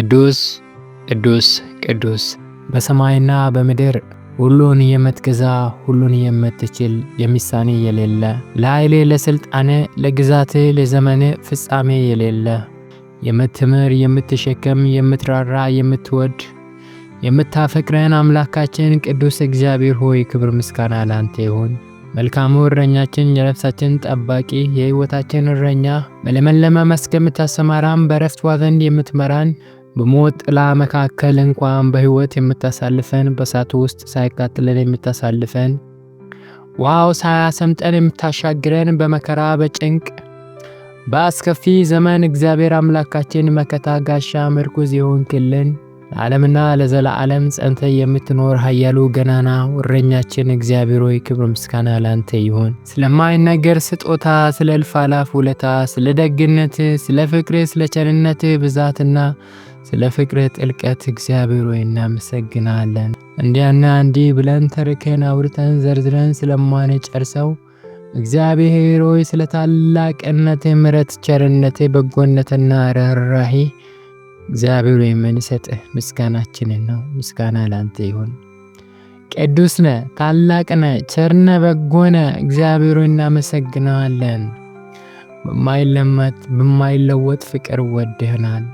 ቅዱስ ቅዱስ ቅዱስ በሰማይና በምድር ሁሉን የምትገዛ ሁሉን የምትችል የሚሳኔ የሌለ ለኃይሌ ለሥልጣኔ ለግዛቴ ለዘመኔ ፍጻሜ የሌለ የምትምር የምትሸከም የምትራራ የምትወድ የምታፈቅረን አምላካችን ቅዱስ እግዚአብሔር ሆይ ክብር ምስጋና ላንተ ይሁን። መልካሙ እረኛችን፣ የነፍሳችን ጠባቂ፣ የሕይወታችን እረኛ፣ በለመለመ መስክ የምታሰማራን፣ በረፍት ዘንድ የምትመራን በሞት ጥላ መካከል እንኳን በህይወት የምታሳልፈን፣ በእሳት ውስጥ ሳይቃጥለን የምታሳልፈን፣ ውሃው ሳያሰምጠን የምታሻግረን፣ በመከራ በጭንቅ በአስከፊ ዘመን እግዚአብሔር አምላካችን መከታ፣ ጋሻ፣ ምርኩዝ የሆንክልን ለዓለምና ለዘላዓለም ጸንተ የምትኖር ኃያሉ ገናና እረኛችን እግዚአብሔር ሆይ ክብር ምስጋና ላንተ ይሁን። ስለማይነገር ስጦታ፣ ስለ እልፍ አእላፍ ውለታ፣ ስለ ደግነት፣ ስለ ፍቅር፣ ስለ ቸርነት ብዛትና ስለ ፍቅር ጥልቀት እግዚአብሔር ወይ እናመሰግናለን። እንዲያና እንዲህ ብለን ተርከን አውርተን ዘርዝረን ስለማንጨርሰው እግዚአብሔር ሆይ ስለ ታላቅነት ምረት፣ ቸርነት፣ በጎነትና ርኅራኄ እግዚአብሔር ሆይ የምንሰጥህ ምስጋናችንን ነው። ምስጋና ላንተ ይሁን። ቅዱስ ነ፣ ታላቅ ነ፣ ቸርነ፣ በጎነ እግዚአብሔር ሆይ እናመሰግናለን። በማይለመት በማይለወጥ ፍቅር ወድህናል።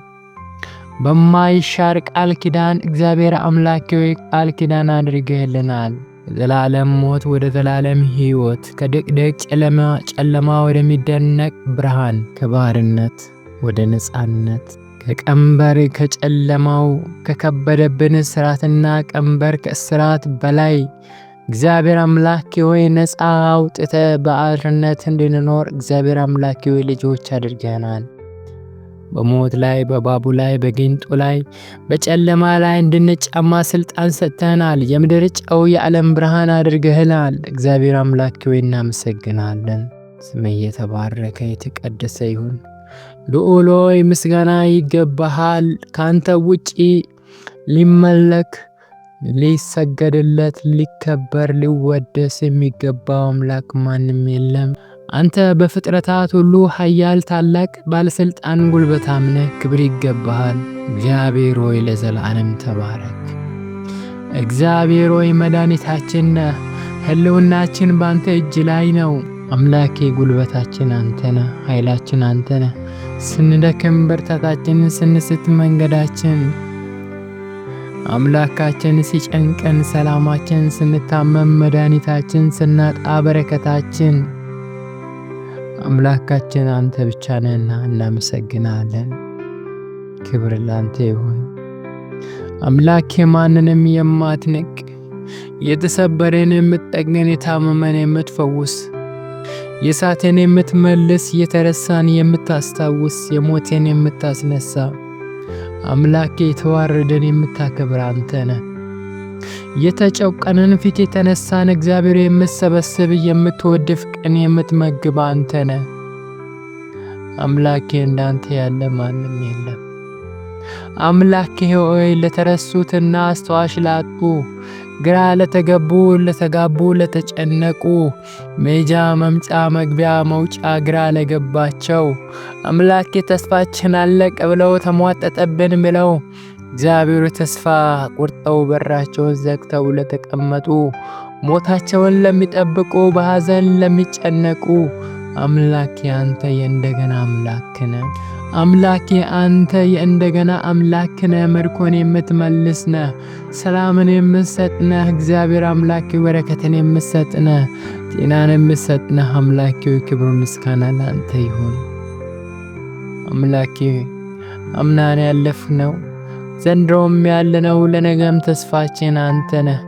በማይሻር ቃል ኪዳን እግዚአብሔር አምላኬ ቃል ኪዳን አድርገህልናል። ዘላለም ሞት ወደ ዘላለም ሕይወት፣ ከድቅድቅ ጨለማ ወደሚደነቅ ብርሃን፣ ከባርነት ወደ ነፃነት፣ ከቀንበር ከጨለማው ከከበደብን ስራትና ቀንበር ከስራት በላይ እግዚአብሔር አምላኬ ሆይ ነፃ አውጥተ በአርነት እንድንኖር እግዚአብሔር አምላኬ ሆይ ልጆች አድርገናል። በሞት ላይ በባቡ ላይ በጊንጡ ላይ በጨለማ ላይ እንድንጫማ ስልጣን ሰጥተናል። የምድር ጨው የዓለም ብርሃን አድርገህናል። እግዚአብሔር አምላክ ሆይ እናመሰግናለን። ስም የተባረከ የተቀደሰ ይሁን። ልዑል ሆይ ምስጋና ይገባሃል። ካንተ ውጪ ሊመለክ ሊሰገድለት ሊከበር ሊወደስ የሚገባው አምላክ ማንም የለም። አንተ በፍጥረታት ሁሉ ኃያል ታላቅ ባለሥልጣን ጉልበታም ነህ፣ ክብር ይገባሃል። እግዚአብሔር ሆይ ለዘላለም ተባረክ። እግዚአብሔር ሆይ መድኃኒታችን ነህ። ሕልውናችን በአንተ እጅ ላይ ነው። አምላኬ ጉልበታችን አንተነ፣ ኃይላችን አንተነ፣ ስንደክም ብርታታችን፣ ስንስት መንገዳችን አምላካችን፣ ሲጨንቀን ሰላማችን፣ ስንታመም መድኃኒታችን፣ ስናጣ በረከታችን አምላካችን አንተ ብቻ ነህና እናመሰግናለን። ክብር ላንተ ይሁን። አምላኬ ማንንም የማትንቅ የተሰበረን የምትጠግን፣ የታመመን የምትፈውስ፣ የሳትን የምትመልስ፣ የተረሳን የምታስታውስ፣ የሞቴን የምታስነሳ አምላኬ የተዋረደን የምታከብር አንተ ነህ። የተጨቆነን ፊት የተነሳን እግዚአብሔር የምትሰበስብ የምትወድፍ ቀን የምትመግብ አንተ ነህ አምላኬ። እንዳንተ ያለ ማንም የለም አምላኬ ሆይ ለተረሱትና አስተዋሽ ላጡ ግራ ለተገቡ ለተጋቡ ለተጨነቁ መሄጃ መምጫ መግቢያ መውጫ ግራ ለገባቸው አምላኬ ተስፋችን አለቀ ብለው ተሟጠጠብን ብለው እግዚአብሔር ተስፋ ቆርጠው በራቸውን ዘግተው ለተቀመጡ ሞታቸውን ለሚጠብቁ በሐዘን ለሚጨነቁ አምላኬ አንተ የእንደገና አምላክ ነህ። አምላኬ አንተ የእንደገና አምላክ ነህ። ምርኮን የምትመልስ ሰላምን የምትሰጥነ እግዚአብሔር አምላኬ በረከትን የምትሰጥነ ጤናን የምትሰጥነ ነህ። ክብር ምስጋና ለአንተ ይሁን። አምላኪ አምናን ያለፍነው ዘንድሮም ያለነው ለነገም ተስፋችን አንተ ነህ።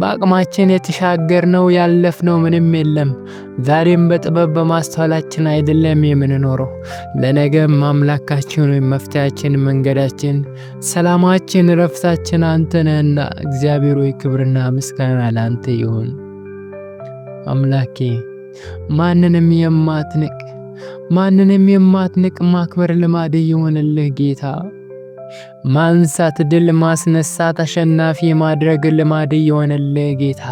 በአቅማችን የተሻገርነው ያለፍነው ምንም የለም። ዛሬም በጥበብ በማስተዋላችን አይደለም የምንኖረው። ለነገም አምላካችን ወይም መፍትያችን፣ መንገዳችን፣ ሰላማችን፣ ረፍታችን አንተ ነህና እግዚአብሔር ሆይ ክብርና ምስጋና ለአንተ ይሁን። አምላኬ ማንንም የማትንቅ ማንንም የማትንቅ ማክበር ልማድ የሆንልህ ጌታ ማንሳት፣ ድል ማስነሳት፣ አሸናፊ የማድረግ ልማድ የሆነልህ ጌታ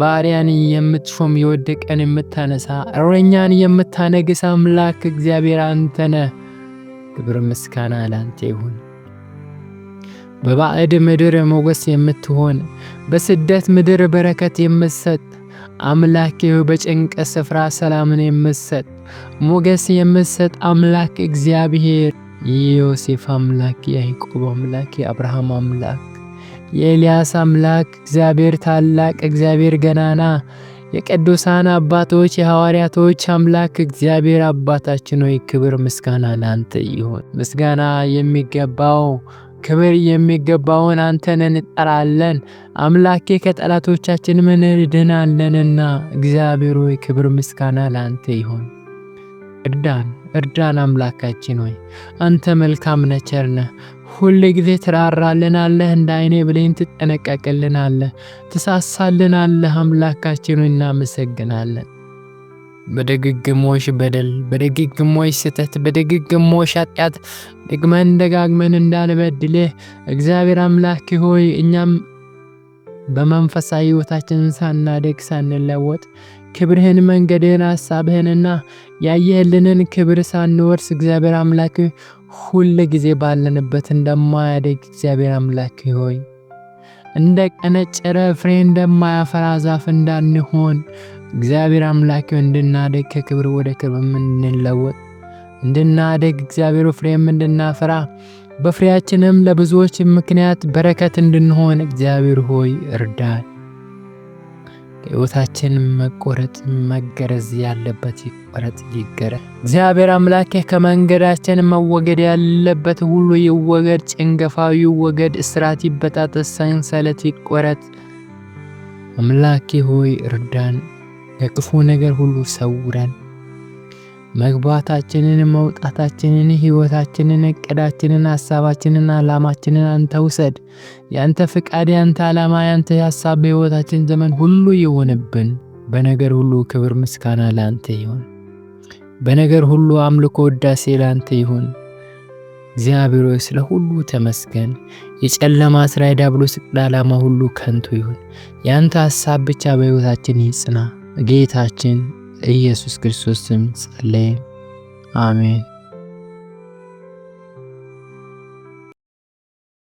ባሪያን የምትሾም የወደቀን የምታነሳ እረኛን የምታነግስ አምላክ እግዚአብሔር አንተ ነህ። ክብር ምስጋና ላንተ ይሁን። በባዕድ ምድር ሞገስ የምትሆን በስደት ምድር በረከት የምትሰጥ አምላክ በጭንቀት ስፍራ ሰላምን የምትሰጥ ሞገስ የምትሰጥ አምላክ እግዚአብሔር የዮሴፍ አምላክ የያዕቆብ አምላክ የአብርሃም አምላክ የኤልያስ አምላክ እግዚአብሔር ታላቅ እግዚአብሔር ገናና የቅዱሳን አባቶች የሐዋርያቶች አምላክ እግዚአብሔር አባታችን ሆይ ክብር ምስጋና ለአንተ ይሁን። ምስጋና የሚገባው ክብር የሚገባውን አንተን እንጠራለን። አምላኬ ከጠላቶቻችን ምን ድናለንና እግዚአብሔር ሆይ ክብር ምስጋና ለአንተ ይሁን። እርዳን። እርዳን አምላካችን ሆይ አንተ መልካም ነቸር ነህ። ሁል ጊዜ ትራራልናለህ፣ እንደ አይኔ ብሌን ትጠነቀቅልናለህ፣ ትሳሳልናለህ። አምላካችን ሆይ እናመሰግናለን። በደግግሞሽ በደል፣ በደግግሞሽ ስህተት፣ በደግግሞሽ ኃጢአት ድግመን ደጋግመን እንዳንበድልህ እግዚአብሔር አምላክ ሆይ እኛም በመንፈሳዊ ሕይወታችን ሳናደግ ሳንለወጥ ክብርህን፣ መንገድህን፣ ሐሳብህንና ያየህልንን ክብር ሳንወርስ እግዚአብሔር አምላክ ሁል ጊዜ ባለንበት እንደማያደግ እግዚአብሔር አምላክ ሆይ እንደ ቀነጨረ ፍሬ እንደማያፈራ ዛፍ እንዳንሆን እግዚአብሔር አምላክ እንድናደግ ከክብር ወደ ክብር እንለወጥ እንድናደግ እግዚአብሔር ፍሬም እንድናፈራ በፍሬያችንም ለብዙዎች ምክንያት በረከት እንድንሆን እግዚአብሔር ሆይ እርዳን። ሕይወታችን መቆረጥ መገረዝ ያለበት ይቆረጥ ይገረ እግዚአብሔር አምላኬ ከመንገዳችን መወገድ ያለበት ሁሉ ይወገድ፣ ጭንገፋው ይወገድ፣ እስራት ይበጣጠስ፣ ሰንሰለት ይቆረጥ። አምላኬ ሆይ እርዳን፣ ከክፉ ነገር ሁሉ ሰውረን። መግባታችንን፣ መውጣታችንን፣ ሕይወታችንን፣ እቅዳችንን፣ ሐሳባችንን፣ ዓላማችንን አንተ ውሰድ። ያንተ ፍቃድ፣ ያንተ ዓላማ፣ ያንተ ሐሳብ በሕይወታችን ዘመን ሁሉ ይሆንብን። በነገር ሁሉ ክብር ምስጋና ለአንተ ይሁን። በነገር ሁሉ አምልኮ ወዳሴ ለአንተ ይሁን። እግዚአብሔር ሆይ ስለ ሁሉ ተመስገን። የጨለማ ስራ የዲያብሎስ ዓላማ ሁሉ ከንቱ ይሁን። ያንተ ሐሳብ ብቻ በሕይወታችን ይጽና ጌታችን ኢየሱስ ክርስቶስ ስም ጸለይ አሜን።